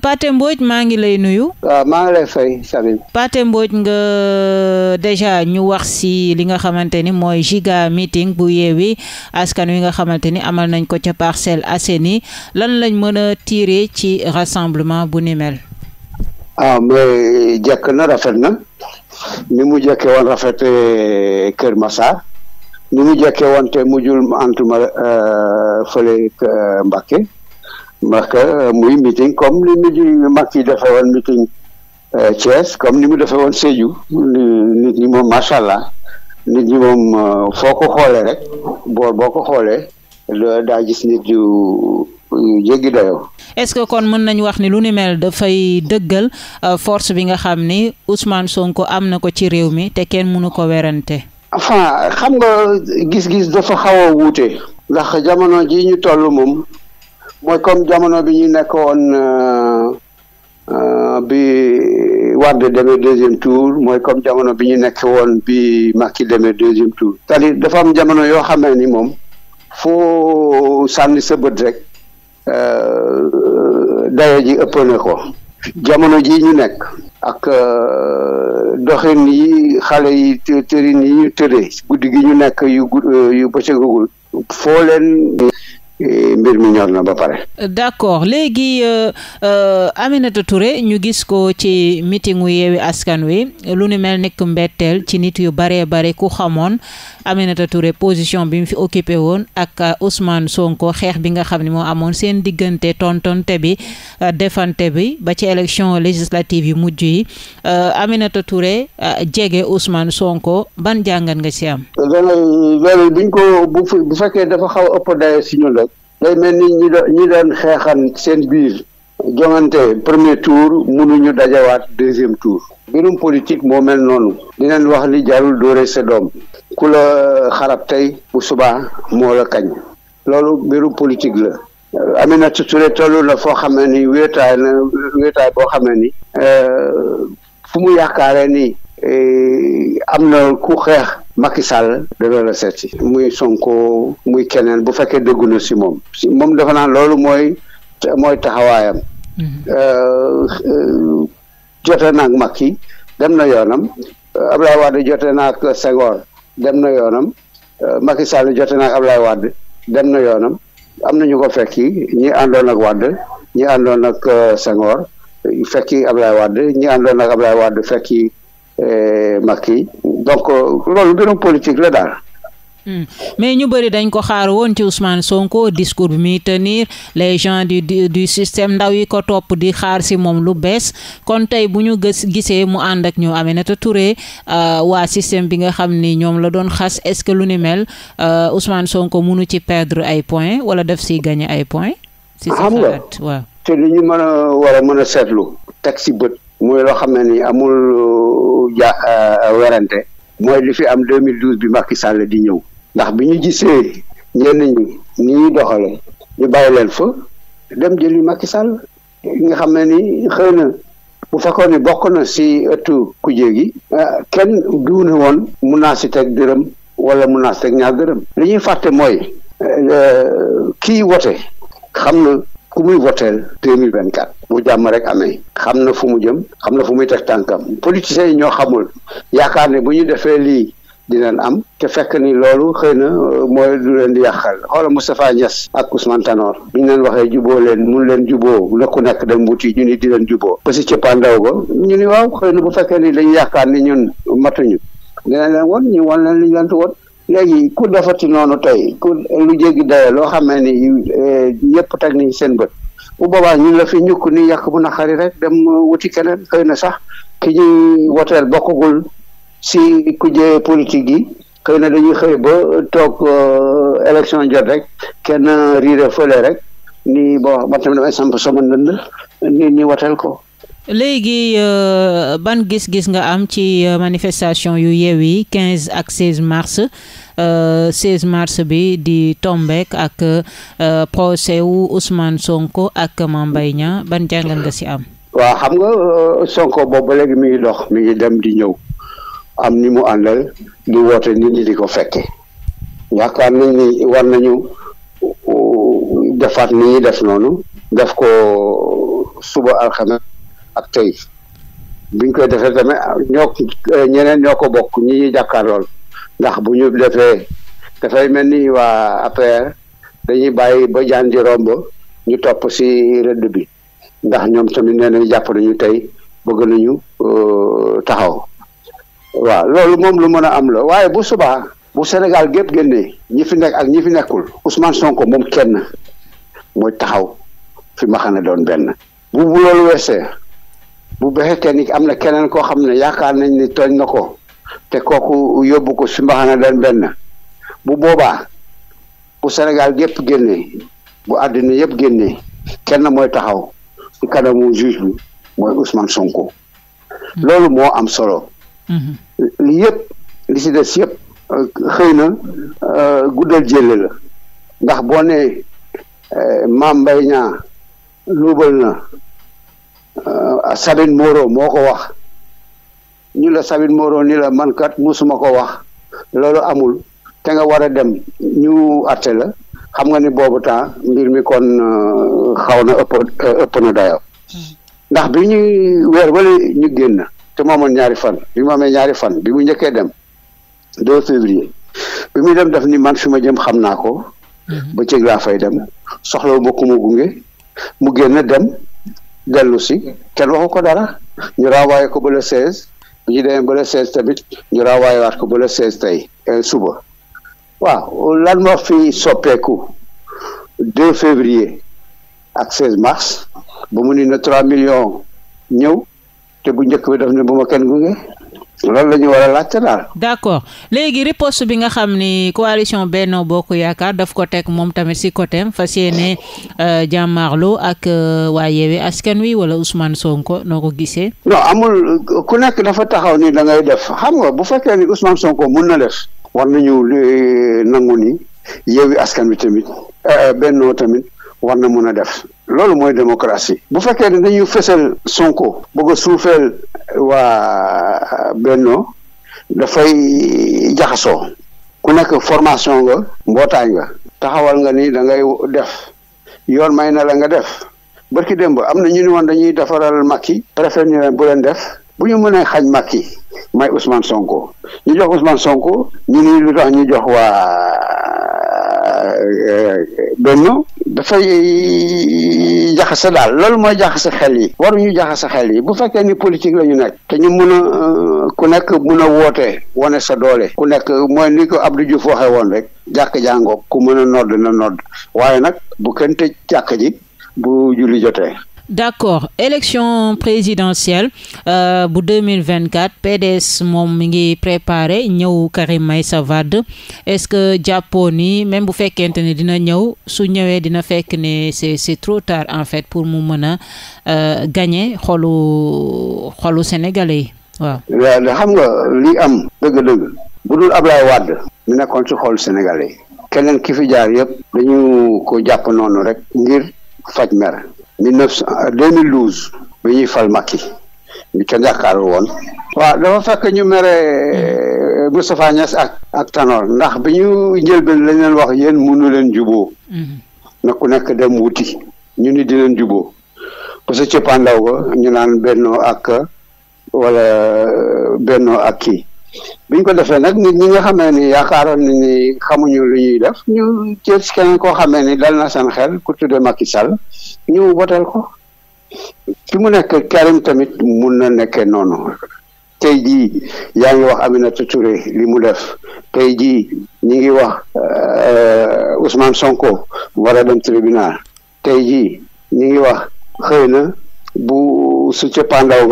Pathé mbooj maa ngi lay nuyu. waaw maa ngi lay fay Sabine. Pathé Mbodj nga déjà ñu wax si li nga xamante ni mooy giga meeting bu Yewwi Askan Wi nga xamante ni amal nañ ko ca parcelle Parcelles ni lan lañ mën a tirer ci rassemblement bu ni mel. ah mais jekk na rafet na ni mu jekkee woon eh, mu antuma eh, fële eh, Mbacké. maka euh, muy meeting comme li nit ñi yi defee woon meeting comme ni mu defee euh, woon Sédhiou nit ñi moom macha allah nit ñi moom euh, foo ko xoolee rek boor boo ko xoolee daa gis nit yu jéggi dayoo. est-ce que kon mën nañu wax ni lu ni mel dafay dëggal force bi nga xam ni Ousmane sonk am na ko ci réew mi te kenn mënu ko werante. enfin xam nga gis-gis dafa xaw a wuute. ndax jamono ji ñu toll moom. mooy comme jamono bi ñu nekkoon euh, euh, bi Wade deme deuxième tour mooy comme jamono bi ñu nekk woon bi Macky demee deuxième tour c'est-à-dire dafa am jamono yoo xamee ni moom foo sànni sa bët rek euh, dayo ji ëpp na ko jamono ji ñu nekk ak doxin yi xale yi tërin yi ñu tëree guddi gi ñu nekk yu yu bëccëgagul foo Eh, mbir mi ñor na ba pare. d'accord léegi euh, euh, Aminata toure ñu gis ko ci meeting wu Yewwi Askan Wi lu nu mel nekk mbetteel ci nit yu baree bare ku xamoon Aminata toure position bi mu fi occupé woon ak euh, Ousmane Sonko xeex bi nga xam ne moo amoon seen diggante tontonte bi euh, defante bi ba ci élection législative yu mujj yi uh, Aminata toure uh, jege Ousmane Sonko ban jàngat nga ci am. Euh, loolu buñ ko bu fekkee dafa xaw ëpp dayo si ñun rek day mel ni ñi doon ñi doon xeexan seen biir jongante premier tour mënuñu dajawaat deuxième tour mbirum politique moo mel noonu di leen wax li jarul dóore sa doom ku la xarab tey bu subaa moo kañ loolu mbirum politique la Aminata Touré tollu na foo xamee ni wéetaay na wéetaay boo ni euh, fu mu yaakaaree ni euh, am na ku xeex Macky Sall da doon muy Sonko muy keneen bu fekkee déggu si moom si moom loolu mooy mooy taxawaayam mm-hmm. euh, euh, jotee naag Macky dem na yoonam euh, Ablaye Wade jotee naag Senghor dem na yoonam Macky Sall jotee naag Ablaye dem na yoonam am na ñu fekki ñi àndoon ak Wade ñi àndoon ak Senghor fekki Ablaye Wade ñi àndoon ak Ablaye fekki Euh, Macky donc euh, loolu mbirum politique la daal. Hmm. mais ñu bëri dañ ko xaar woon ci Ousmane Sonko discours bi muy tenir les gens du du, du système ndaw yi ko topp di xaar si moom lu bees kon tey bu ñu gës gisee mu ànd ak ñoo ñoom Aminata Touré euh, waa système bi nga xam ni ñoom la doon xas est-ce que lu ni mel euh, Ousmane Sonko munu ci perdre ay points wala def siy gagner ay points. si sa xalaat waaw. te li ñu mën a war mën a seetlu teg si bët muy loo xam ne ni amul euh, ja euh, werante mooy li fi am 2012 bi Macky Sall di ñëw ndax bi ñu gisee ñenn ñi ni ñuy doxale ñu bàyyi leen fa dem jëli Macky Sall nga xam ne ni xëy na bu fekkoon ni bokk na si ëttu kuje gi euh, kenn duune woon mun naa si teg dërëm wala mun naa si teg ñaar dërëm li ñuy fàtte mooy kii wote xam na ku muy voteel deux mille vingt quatre bu jàmm rek amee xam na fu mu jëm xam na fu muy teg tànkam politiciens yi ñoo xamul yaakaar ne bu ñu defee lii dinañ am te fekk ni loolu xëy na euh, mooy lu leen di yàqal xoolal Moustapha Niass ak Ousmane Tanor bi ñu leen waxee juboo leen mun leen juboo la ku nekk dem wuti ñu ni di leen juboo ba si cëppaandaw ba ñu ni waaw xëy na bu fekkee ni dañu yaakaar ni ñun matuñu dinañ leen woon ñu wan leen li woon léegi ku defati noonu tey ku lu jéggi daye loo xam ne ni eh, ñëpp teg nañ seen bët bu boobaa ñun la fi ñukk ni yàq bu naqari rek dem wuti keneen xëy na sax ki ñuy woteel bokkagul si kujje politique yi xëy na dañuy xëy ba toog eh, élection jot rek kenn riire fële rek ni bon man tamit damay samp sama ndënd nit ñi woteel ko léegi euh, ban gis-gis nga am ci euh, manifestation yu Yewwi 15 ak 16 mars euh, 16 mars bi di tombeek ak euh, procès Sonko ak Mame Mbaye ban jàngal nga ci am. waa xam nga euh, Sonko boobu léegi mi ngi dox mi ngi dem di ñëw am ni mu àndal di woote nit ñi di ko fekke yaakaar nañ ni war nañu defaat ni ñuy def noonu def ko suba alxames. ak tey biñ koy defee tamit ah, ñoo eh, ñeneen ñoo ko bokk ñi ñuy jàkkaarlool ndax bu ñu defee dafay mel ni waa APR dañuy bàyyi ba jaan romb ñu topp si rëdd bi ndax ñoom tamit nee nañu jàpp nañu tey bëgg nañu euh, taxaw waaw loolu moom lu mën a am la waaye bu subaa bu Sénégal gépp génnee ñi fi nekk ak ñi fi nekkul Ousmane Sonko moom kenn mooy taxaw fi ma xam ne doon benn bu bu weesee bu bexekkee ni am na keneen koo xam ne yaakaar nañ ni tooñ na ko te kooku yóbbu ko si mbaxana den benn bu boobaa bu Sénégal yëpp génnee bu àddina yëpp génnee kenn mooy taxaw ci kanamu juge bi mooy Ousmane Sonko. Hmm. loolu moo am solo. Hmm. li yëpp li si des yëpp euh, xëy na euh, guddal jële la ndax boo nee euh, Mame Mbaye Niang na. Euh, Sabine Moro moo ko wax ñu la Sabine Moro ni la man kat musuma ko wax loolu amul te nga war a dem ñu àtte la xam nga ni boobu temps ngir mi kon euh, xaw na ëpp euh, ëpp na dayoo ndax bi ñuy weer wala ñu génn te moomoon ñaari fan bi mu amee ñaari fan bi mu njëkkee dem 2 février bi muy dem daf ni man fi ma jëm xam naa ko mhm. ba cëg laa fay dem soxlawu ma ku ma gunge mu génn dem dellu si mm. kenn waxu ko dara ñu renvoyé ko ba le 16 bu ñu demee ba tamit ñu renvoyé waat ko ba le 16 tey euh, suba waaw lan moo fi soppeeku 2 février ak 16 mars ba mu ni na 3 millions ñëw te bu njëkk bi daf ne bu ma loolu la ñu war a laajte daal. d'accord léegi riposte bi nga xam ni coalition Benno Bokk Yaakaar daf ko teg moom tamit si côté fas yéene euh, jàmmaarloo ak euh, waa Yewwi Askan Wi wala Ousmane Sonko noo ko gisee. non amul ku nekk dafa taxaw ni da ngay def xam nga bu fekkee ni Ousmane Sonko mun na def. war na nañu euh, nangu ni Yewwi Askan Wi tamit euh, Benno tamit war na mun a def. loolu mooy démocratie bu fekkee ne dañuy fësal Sonko bëgg a suufeel waa Benno dafay jaxasoo ku nekk formation nga mbootaay nga taxawal nga ni da ngay def yoon may na la nga def bërki démb am na ñu ni woon dañuy defaral Macky préfet ñu leen bu leen def bu ñu mënee xañ Macky may Ousmane Sonko ñu jox Ousmane Sonko ñu ni lu tax ñu jox waa euh, Benno dafay jaxasa daal loolu mooy jaxase xel yi waruñu jaxase xel yi bu fekkee ni politique la ñu nekk te ñu mën a euh, ku nekk mën a woote wane sa doole ku nekk mooy ni ko Abdou Diouf waxee woon rek jàkk jàngook ku mën a nodd na nodd waaye nag bu kenn tëj jàkk ji bu julli jotee d'accord élection présidentielle euh, bu 2024 PDS moom mi ngi préparé ñëw Karim Meïssa Wade est-ce que jàppoo ni même bu fekkente ne dina ñëw su ñëwee dina fekk ne c'est c'est trop tard en fait pour mu mën a euh, gagner xolu xolu sénégalais yi waaw. xam nga li am dëgg-dëgg. bu dul Ablaye Wade. mi nekkoon ci xolu sénégalais yi. keneen ki fi jaar yëpp. dañu ko jàpp noonu rek ngir faj mer. mille neuf cent deux mille bi ñuy fal Macky ñu ca jàkkaarloo woon waaw dafa fekk ñu mere euh, Moustapha Niass ak ak Tanor ndax bi ñu njëlbeen lañ leen wax yéen mënu leen juboo mm-hmm. na ku nekk dem wuti ñu ni di leen juboo parce que cëppaandaw ga ñu naan bennoo ak wala euh, bennoo ak kii biñ ko defee nag nit ñi nga xamee ni yaakaaroon ni ni xamuñu lu ñuy def ñu jël si keneen koo xamee ni dal na seen xel ku tuddee Macky Sall ñu woteel ko fi mu nekk Karim tamit mun na nekkee noonu tey jii yaa ngi wax Aminata Touré li mu def tey jii ñi ngi wax euh, Ousmane Sonko war a dem tribunal tey jii ñi ngi wax xëy na bu su cëppaandaw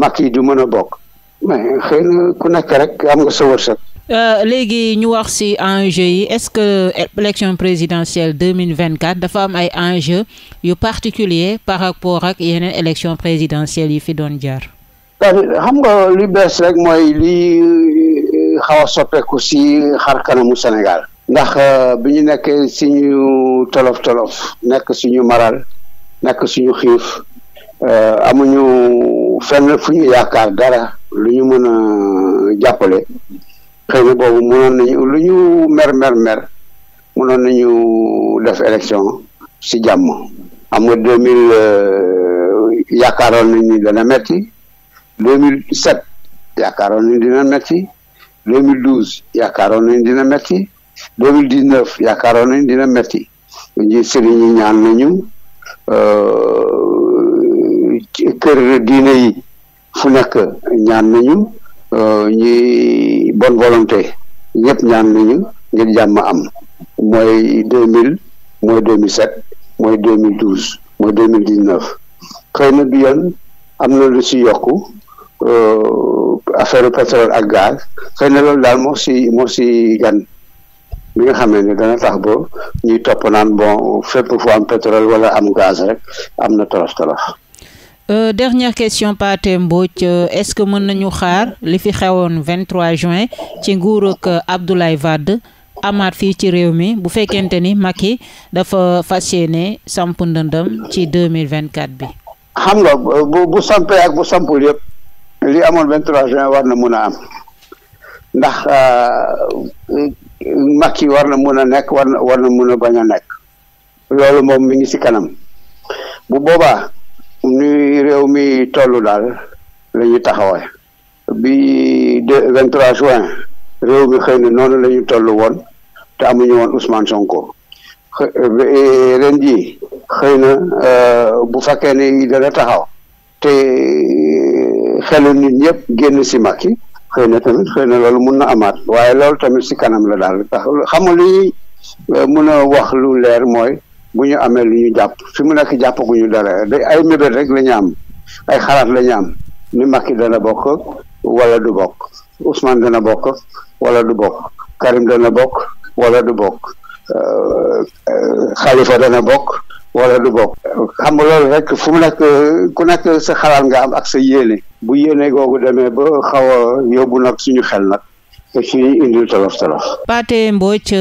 ba du mën a bokk mais xëy ku nekk rek am nga sa wërsëg. Euh, léegi ñu wax ci enjeu yi est-ce que élection présidentielle deux mille vingt quatre dafa am ay enjeu yu particulier par rapport ak yeneen élection présidentielle yi fi doon jaar. xam nga li bees rek mooy li euh, xaw a soppeeku ci xar kanamu Sénégal. ndax euh, bi ñu nekkee suñu tolof tolof nekk suñu maral nekk suñu xiif amuñu fenn fu ñu yaakaar dara. lu ñu mën a jàppale xëy na boobu nañu lu ñu mer mer mer mënoon nañu def élection si jàmm am nga deux mille euh, yaakaaroon nañ ni dana metti deux mille sept yaakaaroon nañ dina metti deux mille douze yaakaaroon nañ dina metti deux mille dix neuf yaakaaroon nañ dina metti ñu sëriñ ñi ñaan nañu euh, kër diine yi fu nekk ñaan nañu euh, ñi bonne volonté ñëpp ñaan nañu ngir jàmm am mooy deux mille mooy deux mille sept mooy deux mille douze mooy deux mille dix neuf xëy na bi yoon am na lu si yokku euh, affaire pétrole ak gaz xëy na loolu daal moo si moo si gan bi nga xamee ne dana tax bo ñuy topp naan bon fépp fu am pétrole wala am gaz rek am na torof torof Euh, dernière question Pathé Mbodj euh, est-ce que mën nañu xaar li fi xewoon 23 juin ci nguurug euh, Abdoulaye Wade amaat fii ci réew mi bu fekkente ni Macky dafa fas ne samp ndëndëm ci 2024 bi. xam nga bu bu sampee ak bu sampul yëpp li amoon 23 juin war na mun a am ndax euh, Macky war na mun a nekk war na war na mun a bañ a nekk loolu moom mi ngi si kanam bu boobaa. ni réew mi toll daal lañu ñu bi de vingt trois juin réew mi xëy na noonu la toll woon te amuñu woon Ousmane Sonko eh, ren jii xëy na euh, bu fekkee ne dana taxaw te eh, xelu nit ñëpp génn si Macky xëy na tamit xëy na loolu mun na amaat waaye loolu tamit si kanam la daal tax xam nga li euh, mun a wax lu leer mooy bu ñu amee lu ñu jàpp fi mu nekk jàppaguñu dara day ay mébét rek la ñu am ay xalaat la ñu am ni Macky dana bokk wala du bokk Ousmane dana bokk wala du bokk Karim dana bokk wala du bokk euh, euh, Khalifa dana bokk wala du bokk xam nga loolu rek fu mu nekk ku nekk sa xalaat nga am ak sa yéene bu yéene googu demee ba xaw a yóbbu nag suñu xel nag suñuy indil tolof tolof. Pathé Mbodj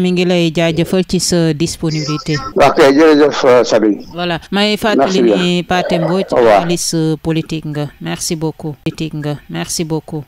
mi ngi lay jaajëfal ci sa disponibilité. ok jërëjëf euh, Sabine. voilà may fàttali ni Pathé Mbodj analyste politique nga merci beaucoup. politique nga merci beaucoup.